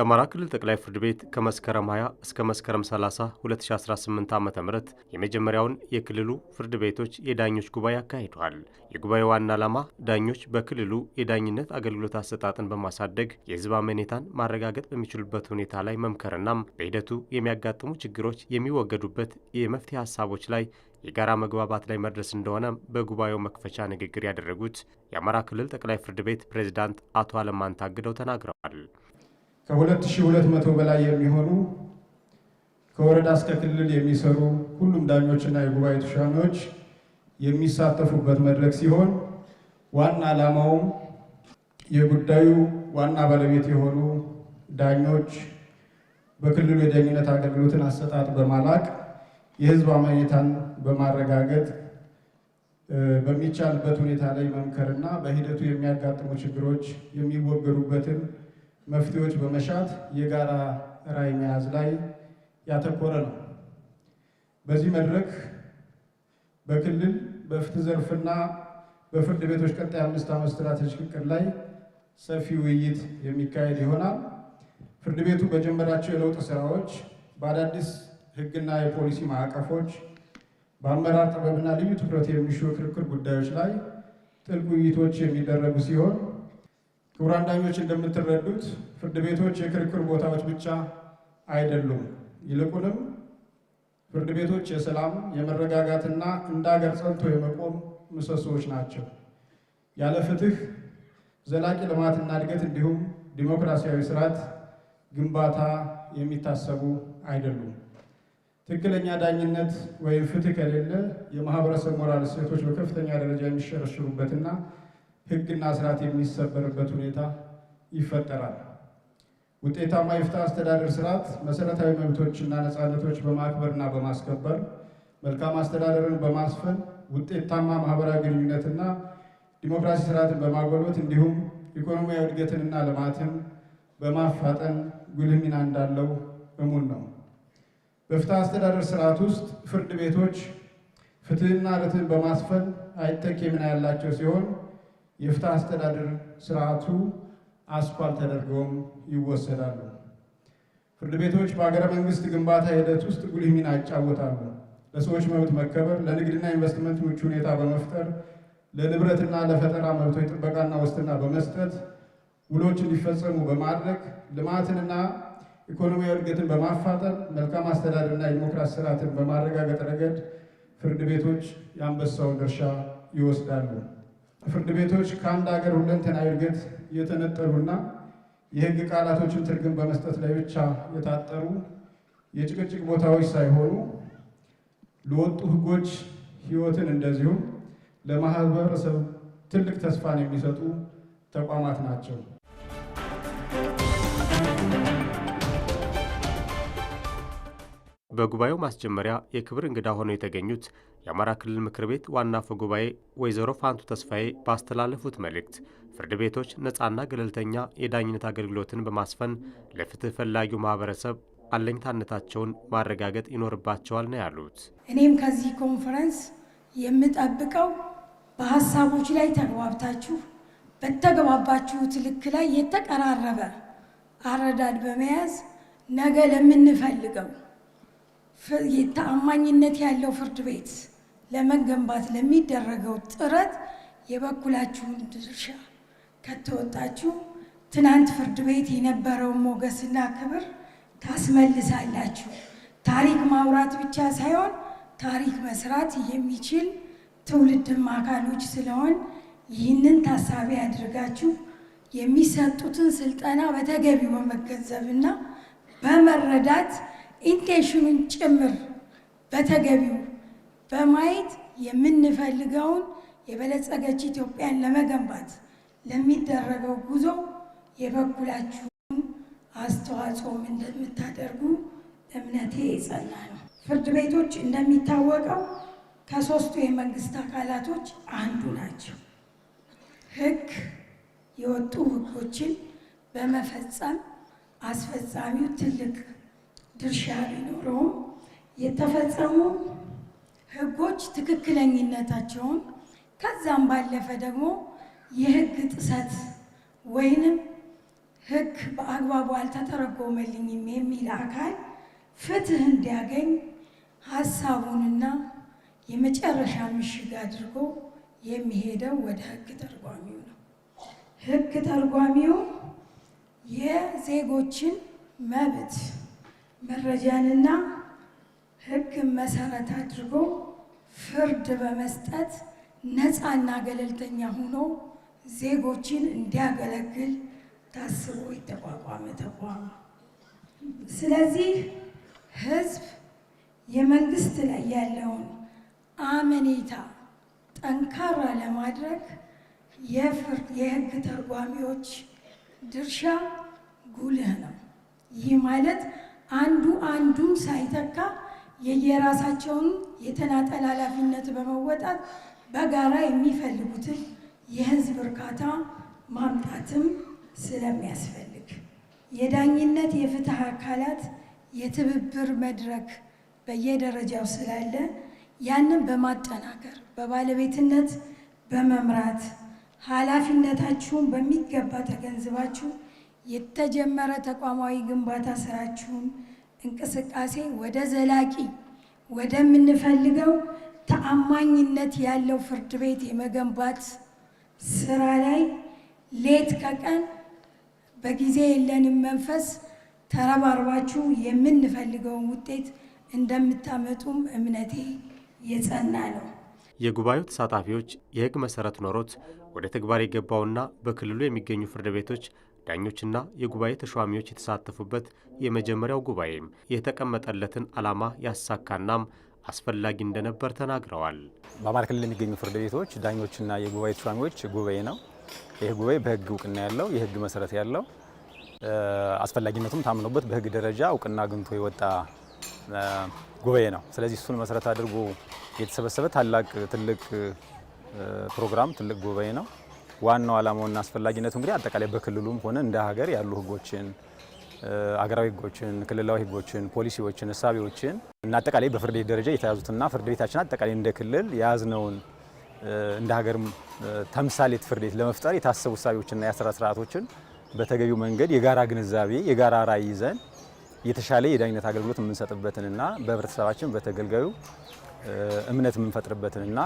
የአማራ ክልል ጠቅላይ ፍርድ ቤት ከመስከረም 20 እስከ መስከረም 30 2018 ዓ ም የመጀመሪያውን የክልሉ ፍርድ ቤቶች የዳኞች ጉባኤ አካሂዷል። የጉባኤው ዋና ዓላማ ዳኞች በክልሉ የዳኝነት አገልግሎት አሰጣጥን በማሳደግ የሕዝብ አመኔታን ማረጋገጥ በሚችሉበት ሁኔታ ላይ መምከርናም በሂደቱ የሚያጋጥሙ ችግሮች የሚወገዱበት የመፍትሄ ሀሳቦች ላይ የጋራ መግባባት ላይ መድረስ እንደሆነ በጉባኤው መክፈቻ ንግግር ያደረጉት የአማራ ክልል ጠቅላይ ፍርድ ቤት ፕሬዝዳንት አቶ አለማንታ አግደው ተናግረዋል። ከ2200 በላይ የሚሆኑ ከወረዳ እስከ ክልል የሚሰሩ ሁሉም ዳኞችና የጉባኤ ተሿሚዎች የሚሳተፉበት መድረክ ሲሆን ዋና ዓላማውም የጉዳዩ ዋና ባለቤት የሆኑ ዳኞች በክልሉ የዳኝነት አገልግሎትን አሰጣጥ በማላቅ የሕዝብ አመኔታን በማረጋገጥ በሚቻልበት ሁኔታ ላይ መምከርና በሂደቱ የሚያጋጥሙ ችግሮች የሚወገዱበትን መፍትሄዎች በመሻት የጋራ ራዕይ መያዝ ላይ ያተኮረ ነው። በዚህ መድረክ በክልል በፍትህ ዘርፍና በፍርድ ቤቶች ቀጣይ አምስት ዓመት ስትራቴጂክ እቅድ ላይ ሰፊ ውይይት የሚካሄድ ይሆናል። ፍርድ ቤቱ በጀመራቸው የለውጥ ስራዎች፣ በአዳዲስ ህግና የፖሊሲ ማዕቀፎች፣ በአመራር ጥበብና ልዩ ትኩረት የሚሹ ክርክር ጉዳዮች ላይ ጥልቅ ውይይቶች የሚደረጉ ሲሆን ክቡራን ዳኞች እንደምትረዱት ፍርድ ቤቶች የክርክር ቦታዎች ብቻ አይደሉም። ይልቁንም ፍርድ ቤቶች የሰላም የመረጋጋትና እንደ ሀገር ጸንቶ የመቆም ምሰሶዎች ናቸው። ያለ ፍትህ ዘላቂ ልማትና እድገት እንዲሁም ዲሞክራሲያዊ ስርዓት ግንባታ የሚታሰቡ አይደሉም። ትክክለኛ ዳኝነት ወይም ፍትህ ከሌለ የማህበረሰብ ሞራል እሴቶች በከፍተኛ ደረጃ የሚሸረሽሩበትና ህግና ስርዓት የሚሰበርበት ሁኔታ ይፈጠራል። ውጤታማ የፍትህ አስተዳደር ስርዓት መሰረታዊ መብቶችና ነፃነቶች በማክበርና በማስከበር መልካም አስተዳደርን በማስፈን ውጤታማ ማህበራዊ ግንኙነትና ዲሞክራሲ ስርዓትን በማጎልበት እንዲሁም ኢኮኖሚያዊ እድገትንና ልማትን በማፋጠን ጉልህ ሚና እንዳለው እሙን ነው። በፍትህ አስተዳደር ስርዓት ውስጥ ፍርድ ቤቶች ፍትህና ርትን በማስፈን አይተኬ ሚና ያላቸው ሲሆን የፍትህ አስተዳደር ስርዓቱ አስኳል ተደርገውም ይወሰዳሉ። ፍርድ ቤቶች በሀገረ መንግስት ግንባታ ሂደት ውስጥ ጉልህ ሚና ይጫወታሉ። ለሰዎች መብት መከበር፣ ለንግድና ኢንቨስትመንት ምቹ ሁኔታ በመፍጠር ለንብረትና ለፈጠራ መብቶች ጥበቃና ዋስትና በመስጠት ውሎች እንዲፈጸሙ በማድረግ ልማትንና ኢኮኖሚያዊ እድገትን በማፋጠን መልካም አስተዳደርና የዲሞክራሲ ስርዓትን በማረጋገጥ ረገድ ፍርድ ቤቶች የአንበሳውን ድርሻ ይወስዳሉ። ፍርድ ቤቶች ከአንድ ሀገር ሁለንተናዊ እድገት የተነጠሉና የህግ ቃላቶችን ትርጉም በመስጠት ላይ ብቻ የታጠሩ የጭቅጭቅ ቦታዎች ሳይሆኑ ለወጡ ህጎች ህይወትን እንደዚሁም ለማህበረሰብ ትልቅ ተስፋን የሚሰጡ ተቋማት ናቸው። በጉባኤው ማስጀመሪያ የክብር እንግዳ ሆነው የተገኙት የአማራ ክልል ምክር ቤት ዋና አፈ ጉባኤ ወይዘሮ ፋንቱ ተስፋዬ ባስተላለፉት መልእክት ፍርድ ቤቶች ነፃና ገለልተኛ የዳኝነት አገልግሎትን በማስፈን ለፍትህ ፈላጊው ማህበረሰብ አለኝታነታቸውን ማረጋገጥ ይኖርባቸዋል ነው ያሉት። እኔም ከዚህ ኮንፈረንስ የምጠብቀው በሀሳቦች ላይ ተግባብታችሁ በተገባባችሁት ልክ ላይ የተቀራረበ አረዳድ በመያዝ ነገ ለምንፈልገው የተአማኝነት ያለው ፍርድ ቤት ለመገንባት ለሚደረገው ጥረት የበኩላችሁን ድርሻ ከተወጣችሁ ትናንት ፍርድ ቤት የነበረውን ሞገስና ክብር ታስመልሳላችሁ። ታሪክ ማውራት ብቻ ሳይሆን ታሪክ መስራት የሚችል ትውልድም አካሎች ስለሆን ይህንን ታሳቢ አድርጋችሁ የሚሰጡትን ስልጠና በተገቢ በመገንዘብና በመረዳት ኢንቴንሽኑን ጭምር በተገቢው በማየት የምንፈልገውን የበለጸገች ኢትዮጵያን ለመገንባት ለሚደረገው ጉዞ የበኩላችሁን አስተዋጽኦ እንደምታደርጉ እምነቴ የጸና ነው። ፍርድ ቤቶች እንደሚታወቀው ከሶስቱ የመንግስት አካላቶች አንዱ ናቸው። ህግ የወጡ ህጎችን በመፈጸም አስፈጻሚው ትልቅ ድርሻ ቢኖረውም የተፈጸሙ ህጎች ትክክለኝነታቸውን ከዛም ባለፈ ደግሞ የህግ ጥሰት ወይንም ህግ በአግባቡ አልተተረጎመልኝም የሚል አካል ፍትህ እንዲያገኝ ሀሳቡንና የመጨረሻ ምሽግ አድርጎ የሚሄደው ወደ ህግ ተርጓሚው ነው። ህግ ተርጓሚው የዜጎችን መብት መረጃንና ሕግን መሰረት አድርጎ ፍርድ በመስጠት ነፃና ገለልተኛ ሆኖ ዜጎችን እንዲያገለግል ታስቦ የተቋቋመ ተቋም። ስለዚህ ህዝብ የመንግስት ላይ ያለውን አመኔታ ጠንካራ ለማድረግ የፍርድ የህግ ተርጓሚዎች ድርሻ ጉልህ ነው። ይህ ማለት አንዱ አንዱን ሳይተካ የየራሳቸውን የተናጠል ኃላፊነት በመወጣት በጋራ የሚፈልጉትን የህዝብ እርካታ ማምጣትም ስለሚያስፈልግ የዳኝነት የፍትህ አካላት የትብብር መድረክ በየደረጃው ስላለ ያንን በማጠናከር በባለቤትነት በመምራት ኃላፊነታችሁን በሚገባ ተገንዝባችሁ የተጀመረ ተቋማዊ ግንባታ ስራችሁን እንቅስቃሴ ወደ ዘላቂ ወደምንፈልገው ተአማኝነት ያለው ፍርድ ቤት የመገንባት ስራ ላይ ሌት ከቀን በጊዜ የለንም መንፈስ ተረባርባችሁ የምንፈልገውን ውጤት እንደምታመጡም እምነቴ የጸና ነው። የጉባኤው ተሳታፊዎች የህግ መሰረት ኖሮት ወደ ተግባር የገባውና በክልሉ የሚገኙ ፍርድ ቤቶች ዳኞችና የጉባኤ ተሿሚዎች የተሳተፉበት የመጀመሪያው ጉባኤም የተቀመጠለትን ዓላማ ያሳካናም አስፈላጊ እንደነበር ተናግረዋል። በአማራ ክልል የሚገኙ ፍርድ ቤቶች ዳኞችና የጉባኤ ተሿሚዎች ጉባኤ ነው። ይህ ጉባኤ በሕግ እውቅና ያለው የሕግ መሰረት ያለው አስፈላጊነቱም ታምኖበት በሕግ ደረጃ እውቅና አግኝቶ የወጣ ጉባኤ ነው። ስለዚህ እሱን መሰረት አድርጎ የተሰበሰበ ታላቅ ትልቅ ፕሮግራም ትልቅ ጉባኤ ነው። ዋናው ዓላማውና አስፈላጊነቱ እንግዲህ አጠቃላይ በክልሉም ሆነ እንደ ሀገር ያሉ ህጎችን፣ አገራዊ ህጎችን፣ ክልላዊ ህጎችን፣ ፖሊሲዎችን፣ እሳቤዎችን እና አጠቃላይ በፍርድ ቤት ደረጃ የተያዙትና ፍርድ ቤታችን አጠቃላይ እንደ ክልል የያዝነውን እንደ ሀገርም ተምሳሌት ፍርድ ቤት ለመፍጠር የታሰቡ እሳቤዎችና የአሰራር ስርዓቶችን በተገቢው መንገድ የጋራ ግንዛቤ የጋራ ራዕይ ይዘን የተሻለ የዳኝነት አገልግሎት የምንሰጥበትንና በህብረተሰባችን በተገልጋዩ እምነት የምንፈጥርበትንና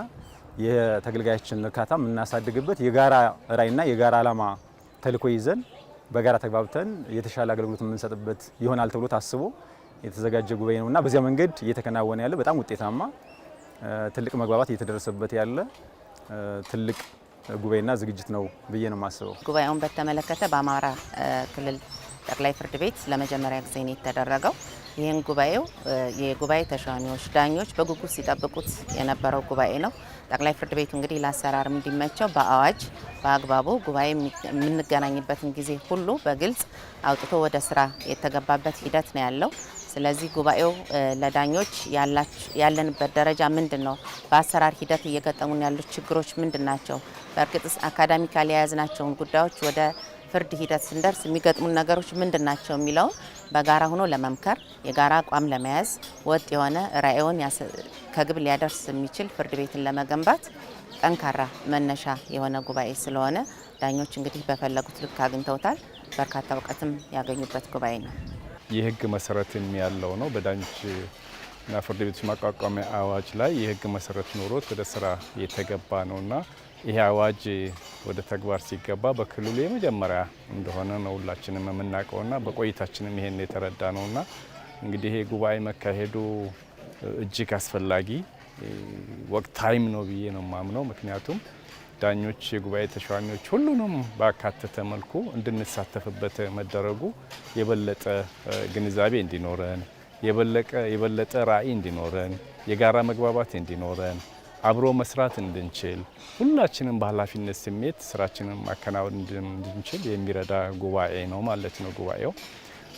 የተገልጋያችን እርካታ የምናሳድግበት የጋራ ራዕይና የጋራ ዓላማ ተልኮ ይዘን በጋራ ተግባብተን የተሻለ አገልግሎት የምንሰጥበት ይሆናል ተብሎ ታስቦ የተዘጋጀ ጉባኤ ነው እና በዚያ መንገድ እየተከናወነ ያለ በጣም ውጤታማ ትልቅ መግባባት እየተደረሰበት ያለ ትልቅ ጉባኤና ዝግጅት ነው ብዬ ነው የማስበው። ጉባኤውን በተመለከተ በአማራ ክልል ጠቅላይ ፍርድ ቤት ለመጀመሪያ ጊዜ ነው የተደረገው። ይህን ጉባኤው የጉባኤ ተሿሚዎች ዳኞች በጉጉት ሲጠብቁት የነበረው ጉባኤ ነው። ጠቅላይ ፍርድ ቤቱ እንግዲህ ለአሰራር እንዲመቸው በአዋጅ በአግባቡ ጉባኤ የምንገናኝበትን ጊዜ ሁሉ በግልጽ አውጥቶ ወደ ስራ የተገባበት ሂደት ነው ያለው። ስለዚህ ጉባኤው ለዳኞች ያለንበት ደረጃ ምንድን ነው? በአሰራር ሂደት እየገጠሙን ያሉት ችግሮች ምንድን ናቸው? በእርግጥስ አካዳሚካሊ የያዝናቸውን ጉዳዮች ወደ ፍርድ ሂደት ስንደርስ የሚገጥሙን ነገሮች ምንድን ናቸው የሚለውን በጋራ ሆኖ ለመምከር የጋራ አቋም ለመያዝ ወጥ የሆነ ራዕዮን ከግብ ሊያደርስ የሚችል ፍርድ ቤትን ለመገንባት ጠንካራ መነሻ የሆነ ጉባኤ ስለሆነ ዳኞች እንግዲህ በፈለጉት ልክ አግኝተውታል። በርካታ እውቀትም ያገኙበት ጉባኤ ነው። የህግ መሰረትም ያለው ነው። በዳኞችና ፍርድ ቤቶች ማቋቋሚያ አዋጅ ላይ የህግ መሰረት ኖሮት ወደ ስራ የተገባ ነውና ይሄ አዋጅ ወደ ተግባር ሲገባ በክልሉ የመጀመሪያ እንደሆነ ነው ሁላችንም የምናውቀውና በቆይታችንም ይሄን የተረዳ ነውና እንግዲህ ይሄ ጉባኤ መካሄዱ እጅግ አስፈላጊ ወቅታዊም ነው ብዬ ነው የማምነው። ምክንያቱም ዳኞች፣ የጉባኤ ተሿሚዎች ሁሉንም ባካተተ መልኩ እንድንሳተፍበት መደረጉ የበለጠ ግንዛቤ እንዲኖረን የበለጠ ራዕይ እንዲኖረን የጋራ መግባባት እንዲኖረን አብሮ መስራት እንድንችል ሁላችንም በኃላፊነት ስሜት ስራችንን ማከናወን እንድንችል የሚረዳ ጉባኤ ነው ማለት ነው። ጉባኤው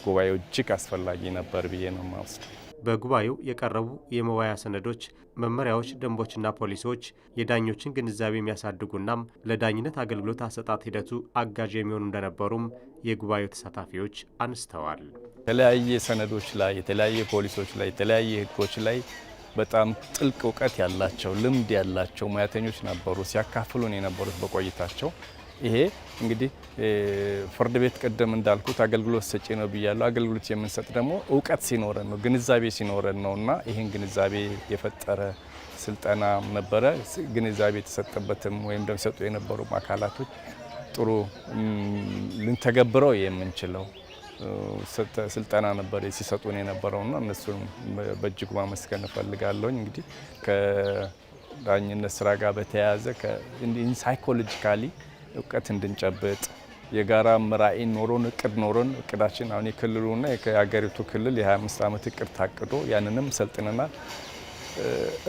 ጉባኤው እጅግ አስፈላጊ ነበር ብዬ ነው ማውስድ። በጉባኤው የቀረቡ የመዋያ ሰነዶች፣ መመሪያዎች፣ ደንቦችና ፖሊሲዎች የዳኞችን ግንዛቤ የሚያሳድጉናም ለዳኝነት አገልግሎት አሰጣት ሂደቱ አጋዥ የሚሆኑ እንደነበሩም የጉባኤው ተሳታፊዎች አንስተዋል። የተለያየ ሰነዶች ላይ የተለያየ ፖሊሶች ላይ የተለያየ ህጎች ላይ በጣም ጥልቅ እውቀት ያላቸው ልምድ ያላቸው ሙያተኞች ነበሩ ሲያካፍሉን የነበሩት በቆይታቸው። ይሄ እንግዲህ ፍርድ ቤት ቅድም እንዳልኩት አገልግሎት ሰጪ ነው ብያለሁ። አገልግሎት የምንሰጥ ደግሞ እውቀት ሲኖረን ነው፣ ግንዛቤ ሲኖረን ነው እና ይህን ግንዛቤ የፈጠረ ስልጠና ነበረ። ግንዛቤ የተሰጠበትም ወይም ደግሞ ሰጡ የነበሩ አካላቶች ጥሩ ልንተገብረው የምንችለው ስልጠና ነበር ሲሰጡን የነበረውና እነሱን በእጅጉ ማመስገን እፈልጋለሁኝ። እንግዲህ ከዳኝነት ስራ ጋር በተያያዘ ሳይኮሎጂካሊ እውቀት እንድንጨብጥ የጋራ ራዕይ ኖሮን እቅድ ኖሮን እቅዳችን አሁን የክልሉና የሀገሪቱ ክልል የ25 ዓመት እቅድ ታቅዶ ያንንም ሰልጥነናል።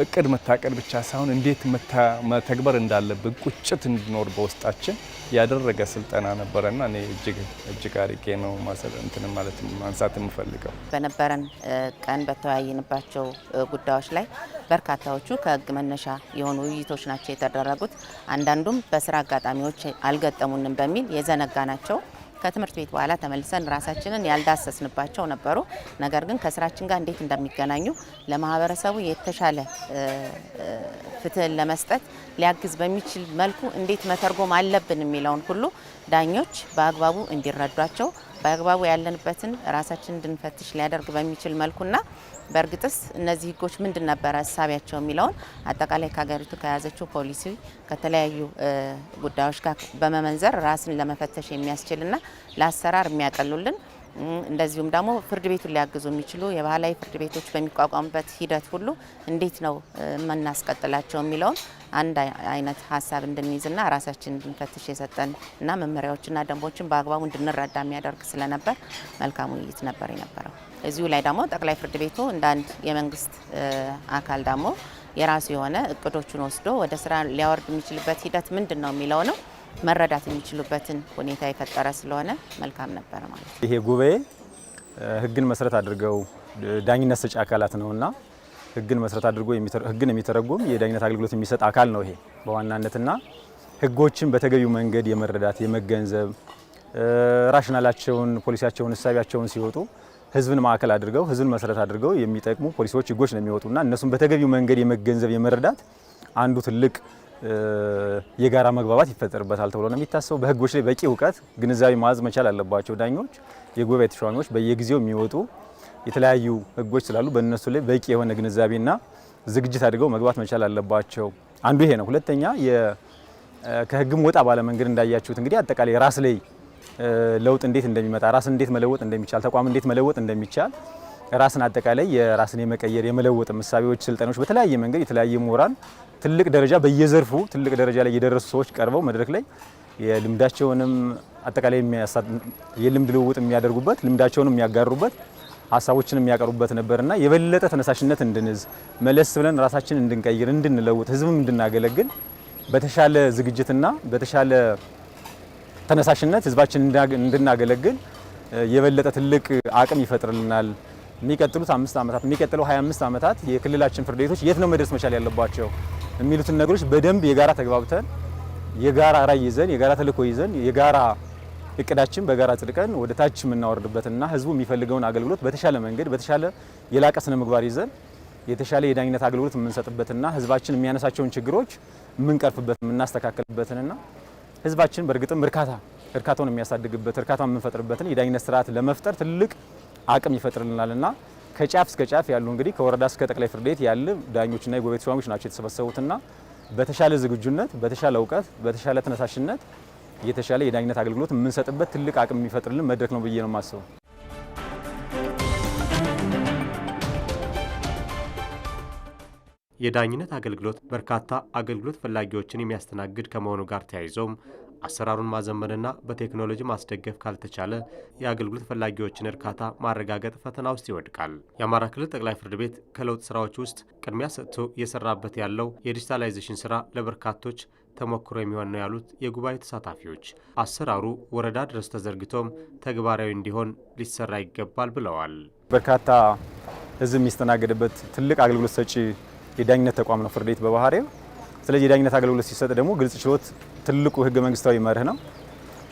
እቅድ መታቀድ ብቻ ሳይሆን እንዴት መተግበር እንዳለብን ቁጭት እንዲኖር በውስጣችን ያደረገ ስልጠና ነበረና እኔ እጅግ እጅግ ነው እንትን ማለት ማንሳት የምፈልገው። በነበረን ቀን በተወያየንባቸው ጉዳዮች ላይ በርካታዎቹ ከህግ መነሻ የሆኑ ውይይቶች ናቸው የተደረጉት። አንዳንዱም በስራ አጋጣሚዎች አልገጠሙንም በሚል የዘነጋ ናቸው። ከትምህርት ቤት በኋላ ተመልሰን ራሳችንን ያልዳሰስንባቸው ነበሩ። ነገር ግን ከስራችን ጋር እንዴት እንደሚገናኙ ለማህበረሰቡ የተሻለ ፍትህን ለመስጠት ሊያግዝ በሚችል መልኩ እንዴት መተርጎም አለብን የሚለውን ሁሉ ዳኞች በአግባቡ እንዲረዷቸው በአግባቡ ያለንበትን ራሳችን እንድንፈትሽ ሊያደርግ በሚችል መልኩና በእርግጥስ እነዚህ ህጎች ምንድን ነበረ ሀሳቢያቸው የሚለውን አጠቃላይ ከሀገሪቱ ከያዘችው ፖሊሲ ከተለያዩ ጉዳዮች ጋር በመመንዘር ራስን ለመፈተሽ የሚያስችልና ለአሰራር የሚያቀሉልን እንደዚሁም ደግሞ ፍርድ ቤቱን ሊያግዙ የሚችሉ የባህላዊ ፍርድ ቤቶች በሚቋቋሙበት ሂደት ሁሉ እንዴት ነው የምናስቀጥላቸው የሚለውን አንድ አይነት ሀሳብ እንድንይዝና ራሳችን እንድንፈትሽ የሰጠን እና መመሪያዎችና ደንቦችን በአግባቡ እንድንረዳ የሚያደርግ ስለነበር መልካም ውይይት ነበር የነበረው። እዚሁ ላይ ደግሞ ጠቅላይ ፍርድ ቤቱ እንደ አንድ የመንግስት አካል ደግሞ የራሱ የሆነ እቅዶቹን ወስዶ ወደ ስራ ሊያወርድ የሚችልበት ሂደት ምንድን ነው ነው መረዳት የሚችሉበትን ሁኔታ የፈጠረ ስለሆነ መልካም ነበር ማለት ነው። ይሄ ጉባኤ ህግን መሰረት አድርገው ዳኝነት ሰጪ አካላት ነውና ህግን መሰረት አድርጎ ህግን የሚተረጉም የዳኝነት አገልግሎት የሚሰጥ አካል ነው ይሄ በዋናነትና ህጎችን በተገቢው መንገድ የመረዳት የመገንዘብ ራሽናላቸውን፣ ፖሊሲያቸውን፣ እሳቢያቸውን ሲወጡ ህዝብን ማዕከል አድርገው ህዝብን መሰረት አድርገው የሚጠቅሙ ፖሊሲዎች፣ ህጎች ነው የሚወጡና እነሱም በተገቢው መንገድ የመገንዘብ የመረዳት አንዱ ትልቅ የጋራ መግባባት ይፈጠርበታል ተብሎ ነው የሚታሰበው። በህጎች ላይ በቂ እውቀት ግንዛቤ ማዝ መቻል አለባቸው ዳኞች፣ የጉባኤ ተሿሚዎች በየጊዜው የሚወጡ የተለያዩ ህጎች ስላሉ በእነሱ ላይ በቂ የሆነ ግንዛቤና ዝግጅት አድርገው መግባት መቻል አለባቸው። አንዱ ይሄ ነው። ሁለተኛ ከህግም ወጣ ባለ መንገድ እንዳያችሁት እንግዲህ አጠቃላይ ራስ ላይ ለውጥ እንዴት እንደሚመጣ ራስን እንዴት መለወጥ እንደሚቻል ተቋም እንዴት መለወጥ እንደሚቻል ራስን አጠቃላይ የራስን የመቀየር የመለወጥ ምሳቤዎች ስልጠናዎች በተለያየ መንገድ የተለያየ ምሁራን ትልቅ ደረጃ በየዘርፉ ትልቅ ደረጃ ላይ የደረሱ ሰዎች ቀርበው መድረክ ላይ የልምዳቸውንም አጠቃላይ የልምድ ልውውጥ የሚያደርጉበት ልምዳቸውንም የሚያጋሩበት ሀሳቦችን የሚያቀርቡበት ነበርና የበለጠ ተነሳሽነት እንድንዝ መለስ ብለን ራሳችን እንድንቀይር፣ እንድንለውጥ፣ ህዝብም እንድናገለግል በተሻለ ዝግጅትና በተሻለ ተነሳሽነት ህዝባችን እንድናገለግል የበለጠ ትልቅ አቅም ይፈጥርልናል። የሚቀጥሉት አምስት ዓመታት የሚቀጥለው 25 ዓመታት የክልላችን ፍርድ ቤቶች የት ነው መድረስ መቻል ያለባቸው የሚሉትን ነገሮች በደንብ የጋራ ተግባብተን የጋራ ራዕይ ይዘን የጋራ ተልዕኮ ይዘን የጋራ እቅዳችን በጋራ ጽድቀን ወደ ታች የምናወርድበትና ህዝቡ የሚፈልገውን አገልግሎት በተሻለ መንገድ በተሻለ የላቀ ስነ ምግባር ይዘን የተሻለ የዳኝነት አገልግሎት የምንሰጥበትና ህዝባችን የሚያነሳቸውን ችግሮች የምንቀርፍበት የምናስተካከልበትንና ህዝባችን በእርግጥም እርካታ እርካታውን የሚያሳድግበት እርካታ የምንፈጥርበትን የዳኝነት ስርዓት ለመፍጠር ትልቅ አቅም ይፈጥርልናልና ከጫፍ እስከ ጫፍ ያሉ እንግዲህ ከወረዳ እስከ ጠቅላይ ፍርድ ቤት ያለ ዳኞችና የጎበዝ ሹማምንቶች ናቸው የተሰበሰቡትና በተሻለ ዝግጁነት፣ በተሻለ እውቀት፣ በተሻለ ተነሳሽነት የተሻለ የዳኝነት አገልግሎት የምንሰጥበት ትልቅ አቅም የሚፈጥርልን መድረክ ነው ብዬ ነው የማስበው። የዳኝነት አገልግሎት በርካታ አገልግሎት ፈላጊዎችን የሚያስተናግድ ከመሆኑ ጋር ተያይዞም አሰራሩን ማዘመንና በቴክኖሎጂ ማስደገፍ ካልተቻለ የአገልግሎት ፈላጊዎችን እርካታ ማረጋገጥ ፈተና ውስጥ ይወድቃል። የአማራ ክልል ጠቅላይ ፍርድ ቤት ከለውጥ ስራዎች ውስጥ ቅድሚያ ሰጥቶ እየሰራበት ያለው የዲጂታላይዜሽን ስራ ለበርካቶች ተሞክሮ የሚሆን ነው ያሉት የጉባኤ ተሳታፊዎች አሰራሩ ወረዳ ድረስ ተዘርግቶም ተግባራዊ እንዲሆን ሊሰራ ይገባል ብለዋል። በርካታ ህዝብ የሚስተናገድበት ትልቅ አገልግሎት ሰጪ የዳኝነት ተቋም ነው ፍርድ ቤት በባህሪው ስለዚህ የዳኝነት አገልግሎት ሲሰጥ ደግሞ ግልጽ ችሎት ትልቁ ህገ መንግስታዊ መርህ ነው።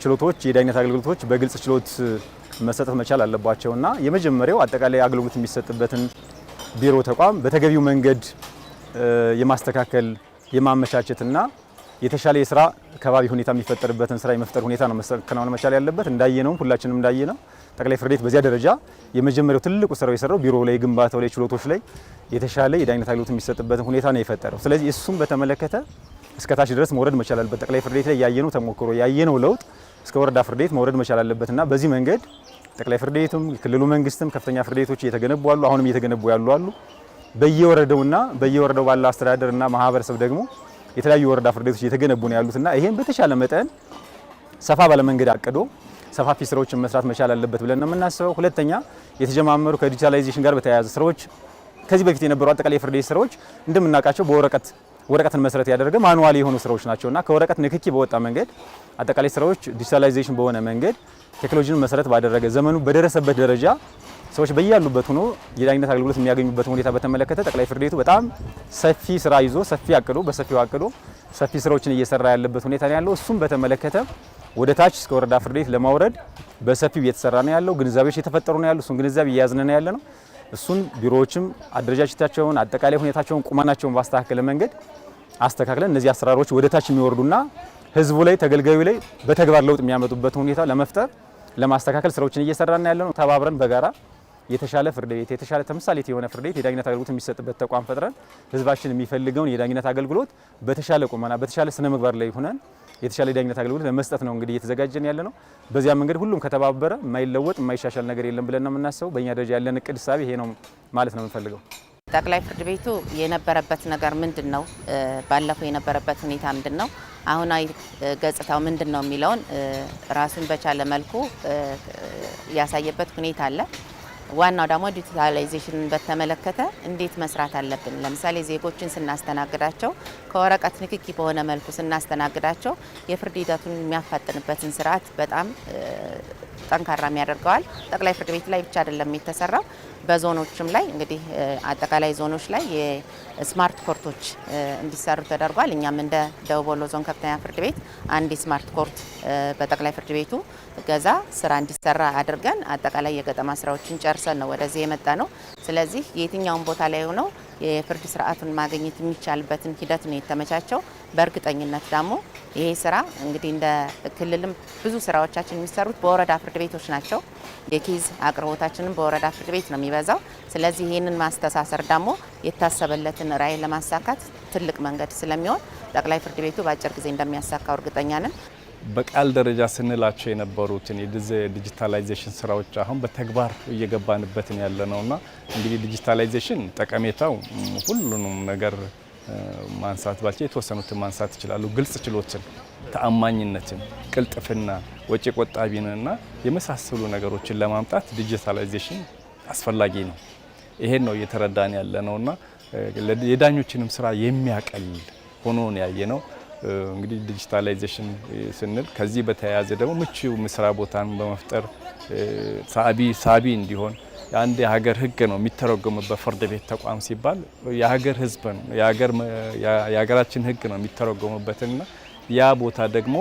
ችሎቶች የዳኝነት አገልግሎቶች በግልጽ ችሎት መሰጠት መቻል አለባቸውና የመጀመሪያው አጠቃላይ አገልግሎት የሚሰጥበትን ቢሮ ተቋም በተገቢው መንገድ የማስተካከል የማመቻቸትና የተሻለ የስራ ከባቢ ሁኔታ የሚፈጠርበትን ስራ የመፍጠር ሁኔታ ነው መከናወን መቻል ያለበት። እንዳየነውም ሁላችንም እንዳየነው ጠቅላይ ፍርድ ቤት በዚያ ደረጃ የመጀመሪያው ትልቁ ስራው የሰራው ቢሮ ላይ፣ ግንባታው ላይ፣ ችሎቶች ላይ የተሻለ የዳኝነት አገልግሎት የሚሰጥበትን ሁኔታ ነው የፈጠረው። ስለዚህ እሱም በተመለከተ እስከታች ድረስ መውረድ መቻል አለበት። ጠቅላይ ፍርድ ቤት ላይ ያየነው ተሞክሮ ያየነው ለውጥ እስከ ወረዳ ፍርድ ቤት መውረድ መቻል አለበትና በዚህ መንገድ ጠቅላይ ፍርድ ቤቱም ክልሉ መንግስትም ከፍተኛ ፍርድ ቤቶች እየተገነቡ አሉ፣ አሁንም እየተገነቡ ያሉ አሉ። በየወረደውና በየወረደው ባለ አስተዳደርና ማህበረሰብ ደግሞ የተለያዩ ወረዳ ፍርድ ቤቶች እየተገነቡ ነው ያሉትና ይሄን በተሻለ መጠን ሰፋ ባለመንገድ አቅዶ ሰፋፊ ስራዎችን መስራት መቻል አለበት ብለን ነው የምናስበው። ሁለተኛ የተጀማመሩ ከዲጂታላይዜሽን ጋር በተያያዘ ስራዎች ከዚህ በፊት የነበሩ አጠቃላይ የፍርድ ቤት ስራዎች እንደምናውቃቸው በወረቀት ወረቀትን መሰረት ያደረገ ማኑዋል የሆኑ ስራዎች ናቸውና ከወረቀት ንክኪ በወጣ መንገድ አጠቃላይ ስራዎች ዲጂታላይዜሽን በሆነ መንገድ ቴክኖሎጂን መሰረት ባደረገ ዘመኑ በደረሰበት ደረጃ ሰዎች በያሉበት ሆኖ የዳኝነት አገልግሎት የሚያገኙበትን ሁኔታ በተመለከተ ጠቅላይ ፍርድ ቤቱ በጣም ሰፊ ስራ ይዞ ሰፊ አቅዶ በሰፊው አቅዶ ሰፊ ስራዎችን እየሰራ ያለበት ሁኔታ ነው ያለው። እሱም በተመለከተ ወደ ታች እስከ ወረዳ ፍርድ ቤት ለማውረድ በሰፊው እየተሰራ ነው ያለው። ግንዛቤዎች የተፈጠሩ ነው ያሉ። እሱን ግንዛቤ እየያዝን ነው ያለ ነው። እሱን ቢሮዎችም አደረጃጀታቸውን፣ አጠቃላይ ሁኔታቸውን፣ ቁመናቸውን ባስተካከለ መንገድ አስተካክለን እነዚህ አሰራሮች ወደ ታች የሚወርዱና ህዝቡ ላይ ተገልጋዩ ላይ በተግባር ለውጥ የሚያመጡበት ሁኔታ ለመፍጠር ለማስተካከል ስራዎችን እየሰራን ያለ ነው። ተባብረን በጋራ የተሻለ ፍርድ ቤት የተሻለ ተምሳሌት የሆነ ፍርድ ቤት የዳኝነት አገልግሎት የሚሰጥበት ተቋም ፈጥረን ህዝባችን የሚፈልገውን የዳኝነት አገልግሎት በተሻለ ቁመና በተሻለ ስነ ምግባር ላይ ሆነን የተሻለ የዳኝነት አገልግሎት ለመስጠት ነው እንግዲህ እየተዘጋጀን ያለ ነው። በዚያ መንገድ ሁሉም ከተባበረ የማይለወጥ የማይሻሻል ነገር የለም ብለን ነው የምናስበው። በእኛ ደረጃ ያለን እቅድ ሳቢ ይሄ ነው ማለት ነው የምንፈልገው። ጠቅላይ ፍርድ ቤቱ የነበረበት ነገር ምንድን ነው? ባለፈው የነበረበት ሁኔታ ምንድን ነው? አሁናዊ ገጽታው ምንድን ነው የሚለውን ራሱን በቻለ መልኩ ያሳየበት ሁኔታ አለ። ዋናው ደግሞ ዲጂታላይዜሽንን በተመለከተ እንዴት መስራት አለብን። ለምሳሌ ዜጎችን ስናስተናግዳቸው ከወረቀት ንክኪ በሆነ መልኩ ስናስተናግዳቸው የፍርድ ሂደቱን የሚያፋጥንበትን ስርዓት በጣም ጠንካራም ያደርገዋል። ጠቅላይ ፍርድ ቤት ላይ ብቻ አይደለም የተሰራው፣ በዞኖችም ላይ እንግዲህ አጠቃላይ ዞኖች ላይ የስማርት ኮርቶች እንዲሰሩ ተደርጓል። እኛም እንደ ደቡብ ወሎ ዞን ከፍተኛ ፍርድ ቤት አንድ የስማርት ኮርት በጠቅላይ ፍርድ ቤቱ ገዛ ስራ እንዲሰራ አድርገን አጠቃላይ የገጠማ ስራዎችን ጨርሰን ነው ወደዚህ የመጣ ነው። ስለዚህ የትኛውን ቦታ ላይ ሆነው የፍርድ ስርዓቱን ማግኘት የሚቻልበትን ሂደት ነው የተመቻቸው። በእርግጠኝነት ደግሞ ይሄ ስራ እንግዲህ እንደ ክልልም ብዙ ስራዎቻችን የሚሰሩት በወረዳ ፍርድ ቤቶች ናቸው። የኬዝ አቅርቦታችንም በወረዳ ፍርድ ቤት ነው የሚበዛው። ስለዚህ ይህንን ማስተሳሰር ደግሞ የታሰበለትን ራዕይ ለማሳካት ትልቅ መንገድ ስለሚሆን ጠቅላይ ፍርድ ቤቱ በአጭር ጊዜ እንደሚያሳካው እርግጠኛ ነን። በቃል ደረጃ ስንላቸው የነበሩትን የዲጂታላይዜሽን ስራዎች አሁን በተግባር እየገባንበትን ያለ ነውና እንግዲህ ዲጂታላይዜሽን ጠቀሜታው ሁሉንም ነገር ማንሳት ባልቼ የተወሰኑትን ማንሳት ይችላሉ። ግልጽ ችሎትን፣ ተአማኝነትን፣ ቅልጥፍና፣ ወጪ ቆጣቢንና የመሳሰሉ ነገሮችን ለማምጣት ዲጂታላይዜሽን አስፈላጊ ነው። ይሄን ነው እየተረዳን ያለ የዳኞችንም ስራ የሚያቀል ሆኖ ነው ያየ ነው። እንግዲህ ዲጂታላይዜሽን ስንል ከዚህ በተያያዘ ደግሞ ምቹ ምስራ ቦታን በመፍጠር ሳቢ ሳቢ እንዲሆን የአንድ የሀገር ህግ ነው የሚተረጎመው በፍርድ ቤት ተቋም ሲባል የሀገር ህዝብ ነው የሀገራችን ህግ ነው የሚተረጎምበትና ያ ቦታ ደግሞ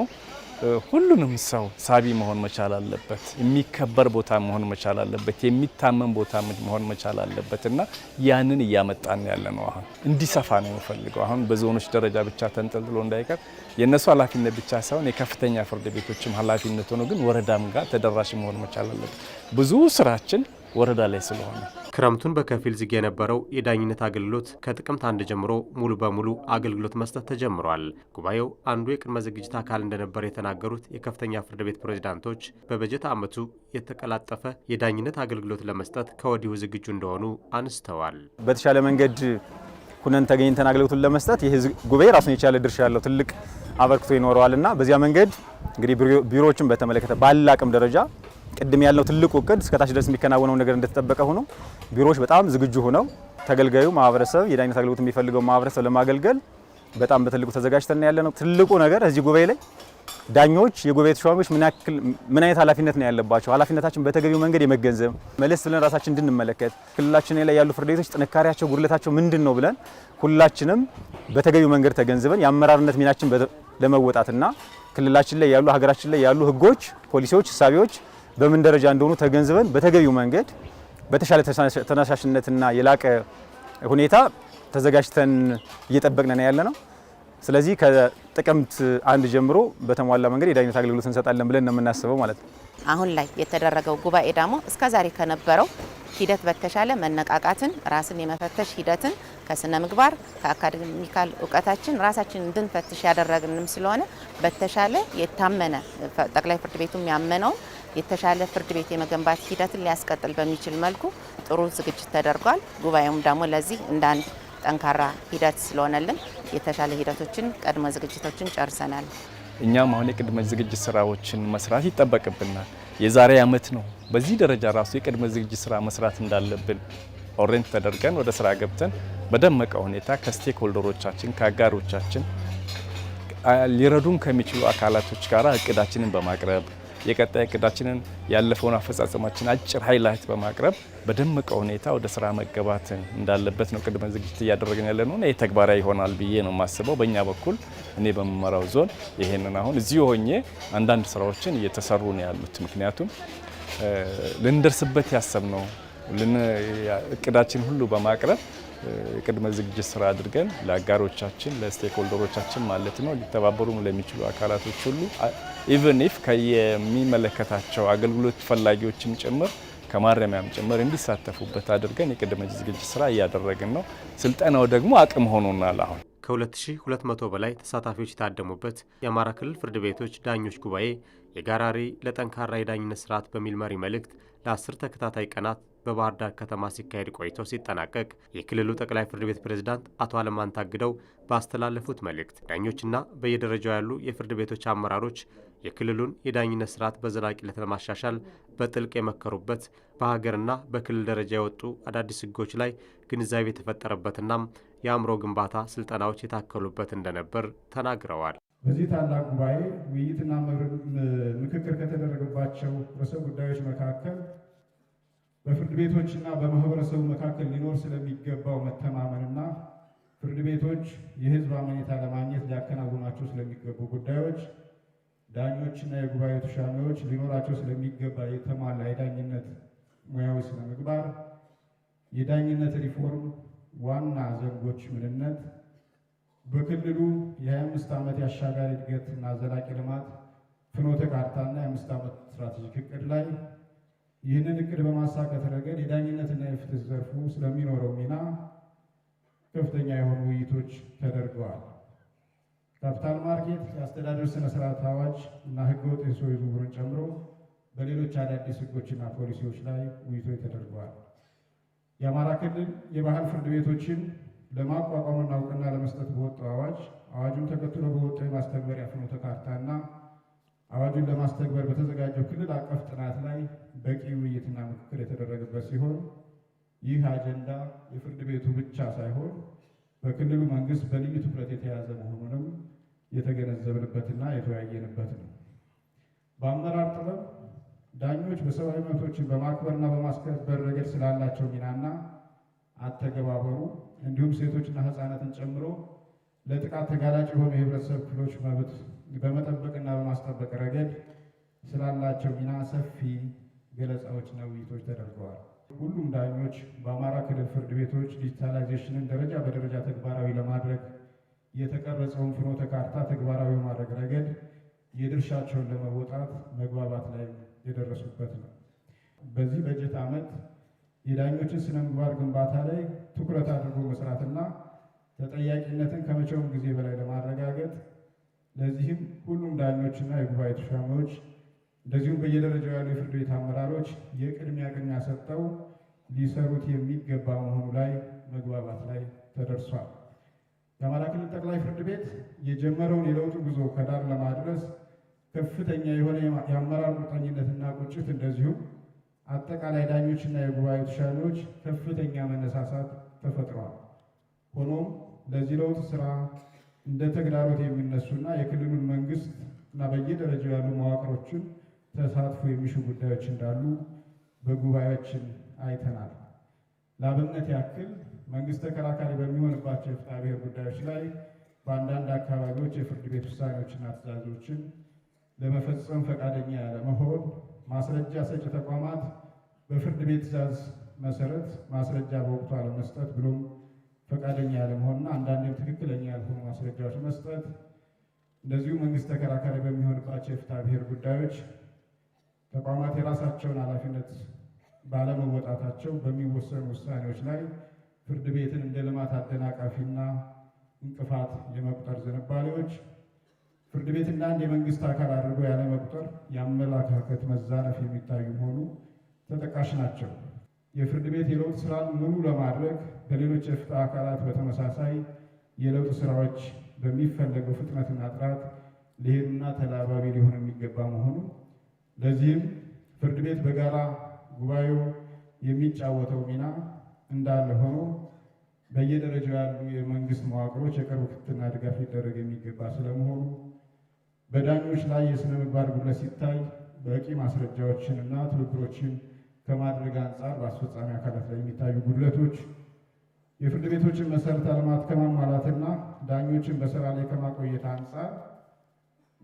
ሁሉንም ሰው ሳቢ መሆን መቻል አለበት። የሚከበር ቦታ መሆን መቻል አለበት። የሚታመን ቦታ መሆን መቻል አለበት እና ያንን እያመጣን ያለ ነው። አሁን እንዲሰፋ ነው የምፈልገው። አሁን በዞኖች ደረጃ ብቻ ተንጠልጥሎ እንዳይቀር የእነሱ ኃላፊነት ብቻ ሳይሆን የከፍተኛ ፍርድ ቤቶችም ኃላፊነት ሆኖ ግን ወረዳም ጋር ተደራሽ መሆን መቻል አለበት። ብዙ ስራችን ወረዳ ላይ ስለሆነ ክረምቱን በከፊል ዝግ የነበረው የዳኝነት አገልግሎት ከጥቅምት አንድ ጀምሮ ሙሉ በሙሉ አገልግሎት መስጠት ተጀምሯል። ጉባኤው አንዱ የቅድመ ዝግጅት አካል እንደነበር የተናገሩት የከፍተኛ ፍርድ ቤት ፕሬዝዳንቶች በበጀት ዓመቱ የተቀላጠፈ የዳኝነት አገልግሎት ለመስጠት ከወዲሁ ዝግጁ እንደሆኑ አንስተዋል። በተሻለ መንገድ ሁነን ተገኝተን አገልግሎቱን ለመስጠት ይህ ጉባኤ ራሱን የቻለ ድርሻ ያለው ትልቅ አበርክቶ ይኖረዋል እና በዚያ መንገድ እንግዲህ ቢሮዎችን በተመለከተ ባለ አቅም ደረጃ ቅድም ያልነው ትልቁ እቅድ እስከታች ድረስ የሚከናወነው ነገር እንደተጠበቀ ሆኖ ቢሮዎች በጣም ዝግጁ ሆነው ተገልጋዩ ማህበረሰብ የዳኝነት አገልግሎት የሚፈልገው ማህበረሰብ ለማገልገል በጣም በትልቁ ተዘጋጅተን ያለ ነው። ትልቁ ነገር እዚህ ጉባኤ ላይ ዳኞች፣ የጉባኤ ተሿሚዎች ምን አይነት ኃላፊነት ነው ያለባቸው፣ ኃላፊነታችን በተገቢው መንገድ የመገንዘብ መለስ ብለን ራሳችን እንድንመለከት ክልላችን ላይ ያሉ ፍርድ ቤቶች ጥንካሬያቸው፣ ጉድለታቸው ምንድን ነው ብለን ሁላችንም በተገቢው መንገድ ተገንዝበን የአመራርነት ሚናችን ለመወጣትና ክልላችን ላይ ያሉ ሀገራችን ላይ ያሉ ህጎች፣ ፖሊሲዎች፣ እሳቤዎች በምን ደረጃ እንደሆኑ ተገንዝበን በተገቢው መንገድ በተሻለ ተነሳሽነትና የላቀ ሁኔታ ተዘጋጅተን እየጠበቅን ያለ ነው። ስለዚህ ከጥቅምት አንድ ጀምሮ በተሟላ መንገድ የዳኝነት አገልግሎት እንሰጣለን ብለን ነው የምናስበው ማለት ነው። አሁን ላይ የተደረገው ጉባኤ ደግሞ እስከ ዛሬ ከነበረው ሂደት በተሻለ መነቃቃትን፣ ራስን የመፈተሽ ሂደትን ከስነ ምግባር ከአካዴሚካል እውቀታችን ራሳችን እንድንፈትሽ ያደረግንም ስለሆነ በተሻለ የታመነ ጠቅላይ ፍርድ ቤቱም ያመነውን የተሻለ ፍርድ ቤት የመገንባት ሂደትን ሊያስቀጥል በሚችል መልኩ ጥሩ ዝግጅት ተደርጓል። ጉባኤውም ደግሞ ለዚህ እንደ አንድ ጠንካራ ሂደት ስለሆነልን የተሻለ ሂደቶችን ቅድመ ዝግጅቶችን ጨርሰናል። እኛም አሁን የቅድመ ዝግጅት ስራዎችን መስራት ይጠበቅብናል። የዛሬ ዓመት ነው በዚህ ደረጃ ራሱ የቅድመ ዝግጅት ስራ መስራት እንዳለብን ኦሬንት ተደርገን ወደ ስራ ገብተን በደመቀ ሁኔታ ከስቴክ ሆልደሮቻችን ከአጋሮቻችን ሊረዱን ከሚችሉ አካላቶች ጋር እቅዳችንን በማቅረብ የቀጣይ እቅዳችንን ያለፈውን አፈጻጸማችን አጭር ሀይላይት በማቅረብ በደመቀ ሁኔታ ወደ ስራ መገባትን እንዳለበት ነው ቅድመ ዝግጅት እያደረግን ያለ ነው። ይህ ተግባራዊ ይሆናል ብዬ ነው የማስበው። በእኛ በኩል እኔ በምመራው ዞን ይሄንን አሁን እዚሁ ሆኜ አንዳንድ ስራዎችን እየተሰሩ ነው ያሉት። ምክንያቱም ልንደርስበት ያሰብነው እቅዳችን ሁሉ በማቅረብ ቅድመ ዝግጅት ስራ አድርገን ለአጋሮቻችን ለስቴክሆልደሮቻችን ማለት ነው ሊተባበሩ ለሚችሉ አካላቶች ሁሉ ኢቨን ኢፍ ከየሚመለከታቸው አገልግሎት ፈላጊዎችም ጭምር ከማረሚያም ጭምር እንዲሳተፉበት አድርገን የቅድመ ዝግጅት ስራ እያደረግን ነው። ስልጠናው ደግሞ አቅም ሆኖናል። አሁን ከ2200 በላይ ተሳታፊዎች የታደሙበት የአማራ ክልል ፍርድ ቤቶች ዳኞች ጉባኤ የጋራሪ ለጠንካራ የዳኝነት ስርዓት በሚል መሪ መልእክት ለአስር ተከታታይ ቀናት በባህር ዳር ከተማ ሲካሄድ ቆይቶ ሲጠናቀቅ የክልሉ ጠቅላይ ፍርድ ቤት ፕሬዝዳንት አቶ አለማንታ አግደው ባስተላለፉት መልእክት ዳኞችና በየደረጃው ያሉ የፍርድ ቤቶች አመራሮች የክልሉን የዳኝነት ስርዓት በዘላቂነት ለማሻሻል በጥልቅ የመከሩበት በሀገርና በክልል ደረጃ የወጡ አዳዲስ ህጎች ላይ ግንዛቤ የተፈጠረበትና የአእምሮ ግንባታ ስልጠናዎች የታከሉበት እንደነበር ተናግረዋል። በዚህ ታላቅ ጉባኤ ውይይትና ምክክር ከተደረገባቸው ርዕሰ ጉዳዮች መካከል በፍርድ ቤቶችና በማህበረሰቡ መካከል ሊኖር ስለሚገባው መተማመንና ፍርድ ቤቶች የህዝብ አመኔታ ለማግኘት ሊያከናውናቸው ስለሚገቡ ጉዳዮች ዳኞችና የጉባኤ ተሻሚዎች ሊኖራቸው ስለሚገባ የተሟላ የዳኝነት ሙያዊ ስነ ምግባር፣ የዳኝነት ሪፎርም ዋና ዘንጎች ምንነት፣ በክልሉ የ25 ዓመት የአሻጋሪ እድገትና ዘላቂ ልማት ፍኖተ ካርታና የአምስት ዓመት ስትራቴጂክ እቅድ ላይ ይህንን እቅድ በማሳካት ረገድ የዳኝነትና የፍትህ ዘርፉ ስለሚኖረው ሚና ከፍተኛ የሆኑ ውይይቶች ተደርገዋል። ካፒታል ማርኬት የአስተዳደር ስነ ስርዓት አዋጅ እና ህገወጥ የሰው ዝውውርን ጨምሮ በሌሎች አዳዲስ ህጎችና ፖሊሲዎች ላይ ውይይቶች ተደርገዋል። የአማራ ክልል የባህል ፍርድ ቤቶችን ለማቋቋምና እውቅና ለመስጠት በወጣው አዋጅ አዋጁን ተከትሎ በወጣው የማስተግበሪያ ፍኖተ ካርታና አዋጁን ለማስተግበር በተዘጋጀው ክልል አቀፍ ጥናት ላይ በቂ ውይይትና ምክክር የተደረገበት ሲሆን ይህ አጀንዳ የፍርድ ቤቱ ብቻ ሳይሆን በክልሉ መንግስት በልዩ ትኩረት የተያዘ መሆኑንም የተገነዘብንበትና የተወያየንበት ነው። በአመራር ጥበብ ዳኞች በሰብአዊ መብቶችን በማክበርና በማስከበር ረገድ ስላላቸው ሚናና አተገባበሩ እንዲሁም ሴቶችና ህፃናትን ጨምሮ ለጥቃት ተጋላጭ የሆኑ የህብረተሰብ ክፍሎች መብት በመጠበቅና በማስጠበቅ ረገድ ስላላቸው ሚና ሰፊ ገለጻዎችና ውይይቶች ተደርገዋል። ሁሉም ዳኞች በአማራ ክልል ፍርድ ቤቶች ዲጂታላይዜሽንን ደረጃ በደረጃ ተግባራዊ ለማድረግ የተቀረጸውን ፍኖተ ካርታ ተግባራዊ በማድረግ ረገድ የድርሻቸውን ለመወጣት መግባባት ላይ የደረሱበት ነው። በዚህ በጀት ዓመት የዳኞችን ስነ ምግባር ግንባታ ላይ ትኩረት አድርጎ መስራትና ተጠያቂነትን ከመቼውም ጊዜ በላይ ለማረጋገጥ ለዚህም ሁሉም ዳኞችና የጉባኤ ተሿሚዎች እንደዚሁም በየደረጃው ያሉ የፍርድ ቤት አመራሮች የቅድሚያ ቅድሚያ ሰጥተው ሊሰሩት የሚገባ መሆኑ ላይ መግባባት ላይ ተደርሷል። የአማራ ክልል ጠቅላይ ፍርድ ቤት የጀመረውን የለውጥ ጉዞ ከዳር ለማድረስ ከፍተኛ የሆነ የአመራር ቁርጠኝነትና ቁጭት እንደዚሁም አጠቃላይ ዳኞችና የጉባኤ ተሻሚዎች ከፍተኛ መነሳሳት ተፈጥረዋል። ሆኖም ለዚህ ለውጥ ስራ እንደ ተግዳሮት የሚነሱና የክልሉን መንግስት እና በየደረጃው ያሉ መዋቅሮችን ተሳትፎ የሚሹ ጉዳዮች እንዳሉ በጉባኤያችን አይተናል። ለአብነት ያክል መንግስት ተከራካሪ በሚሆንባቸው የፍትሐ ብሔር ጉዳዮች ላይ በአንዳንድ አካባቢዎች የፍርድ ቤት ውሳኔዎችና ትዕዛዞችን ለመፈጸም ፈቃደኛ ያለመሆን፣ ማስረጃ ሰጪ ተቋማት በፍርድ ቤት ትዕዛዝ መሰረት ማስረጃ በወቅቱ አለመስጠት ብሎም ፈቃደኛ ያለመሆንና አንዳንዴም ትክክለኛ ያልሆኑ ማስረጃዎች መስጠት፣ እንደዚሁ መንግስት ተከራካሪ በሚሆንባቸው የፍትሐ ብሔር ጉዳዮች ተቋማት የራሳቸውን ኃላፊነት ባለመወጣታቸው በሚወሰኑ ውሳኔዎች ላይ ፍርድ ቤትን እንደ ልማት አደናቃፊና እንቅፋት የመቁጠር ዝንባሌዎች፣ ፍርድ ቤት እንደ አንድ የመንግስት አካል አድርጎ ያለመቁጠር የአመለካከት መዛነፍ የሚታዩ መሆኑ ተጠቃሽ ናቸው። የፍርድ ቤት የለውጥ ስራን ሙሉ ለማድረግ በሌሎች የፍትህ አካላት በተመሳሳይ የለውጥ ስራዎች በሚፈለገው ፍጥነትና ጥራት ሊሄዱና ተላባቢ ሊሆን የሚገባ መሆኑ ለዚህም ፍርድ ቤት በጋራ ጉባኤው የሚጫወተው ሚና እንዳለ ሆኖ በየደረጃው ያሉ የመንግስት መዋቅሮች የቅርብ ክትትልና ድጋፍ ሊደረግ የሚገባ ስለመሆኑ በዳኞች ላይ የስነ ምግባር ጉድለት ሲታይ በቂ ማስረጃዎችን እና ትብብሮችን ከማድረግ አንጻር በአስፈጻሚ አካላት ላይ የሚታዩ ጉድለቶች የፍርድ ቤቶችን መሰረተ ልማት ከማሟላትና ዳኞችን በስራ ላይ ከማቆየት አንጻር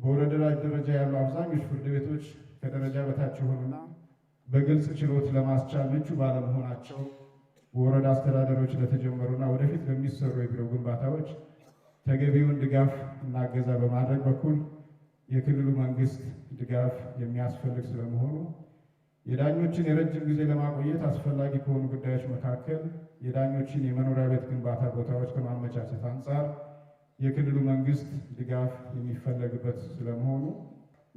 በወረዳ ደረጃ ያሉ አብዛኞች ፍርድ ቤቶች ከደረጃ በታች የሆኑና በግልጽ ችሎት ለማስቻል ምቹ ባለመሆናቸው በወረዳ አስተዳደሮች ለተጀመሩና ወደፊት በሚሰሩ የቢሮ ግንባታዎች ተገቢውን ድጋፍ እና እገዛ በማድረግ በኩል የክልሉ መንግስት ድጋፍ የሚያስፈልግ ስለመሆኑ የዳኞችን የረጅም ጊዜ ለማቆየት አስፈላጊ ከሆኑ ጉዳዮች መካከል የዳኞችን የመኖሪያ ቤት ግንባታ ቦታዎች ከማመቻቸት አንጻር የክልሉ መንግስት ድጋፍ የሚፈለግበት ስለመሆኑ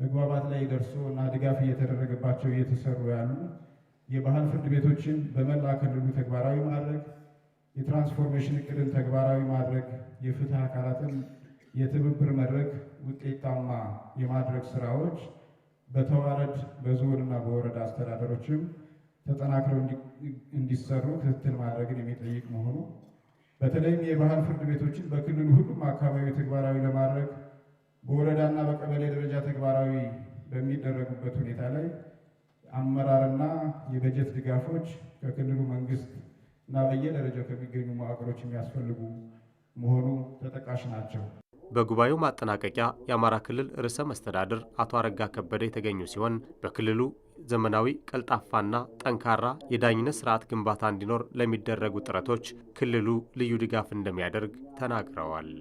መግባባት ላይ ደርሶ እና ድጋፍ እየተደረገባቸው እየተሰሩ ያሉ የባህል ፍርድ ቤቶችን በመላ ክልሉ ተግባራዊ ማድረግ፣ የትራንስፎርሜሽን እቅድን ተግባራዊ ማድረግ፣ የፍትህ አካላትን የትብብር መድረክ ውጤታማ የማድረግ ስራዎች በተዋረድ በዞን እና በወረዳ አስተዳደሮችም ተጠናክረው እንዲሰሩ ክትትል ማድረግን የሚጠይቅ መሆኑ በተለይም የባህል ፍርድ ቤቶችን በክልሉ ሁሉም አካባቢ ተግባራዊ ለማድረግ በወረዳና በቀበሌ ደረጃ ተግባራዊ በሚደረጉበት ሁኔታ ላይ አመራርና የበጀት ድጋፎች ከክልሉ መንግስት እና በየደረጃው ከሚገኙ መዋቅሮች የሚያስፈልጉ መሆኑ ተጠቃሽ ናቸው። በጉባኤው ማጠናቀቂያ የአማራ ክልል ርዕሰ መስተዳድር አቶ አረጋ ከበደ የተገኙ ሲሆን በክልሉ ዘመናዊ ቀልጣፋና ጠንካራ የዳኝነት ስርዓት ግንባታ እንዲኖር ለሚደረጉ ጥረቶች ክልሉ ልዩ ድጋፍ እንደሚያደርግ ተናግረዋል።